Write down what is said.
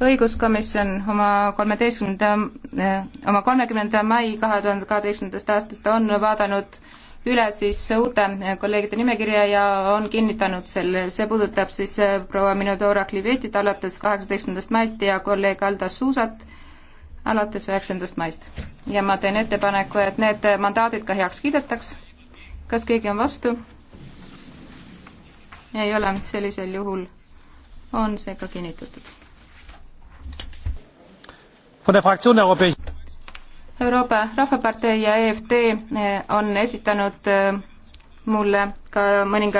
õiguskomisjon oma kolmeteistkümnenda, eh, oma kolmekümnenda mai kahe tuhande kaheteistkümnendast aastast on vaadanud üle siis uute eh, kolleegide nimekirja ja on kinnitanud selle, see puudutab siis eh, proua Minodora Klivetit alates kaheksateistkümnendast maist ja kolleeg Aldo Suusat alates üheksandast maist. ja ma teen ettepaneku, et need mandaadid ka heaks kiidetaks. kas keegi on vastu? ei ole, sellisel juhul on seega kinnitatud. Euroopa Rahvapartei ja EFD eh, on esitanud eh, mulle ka mõningad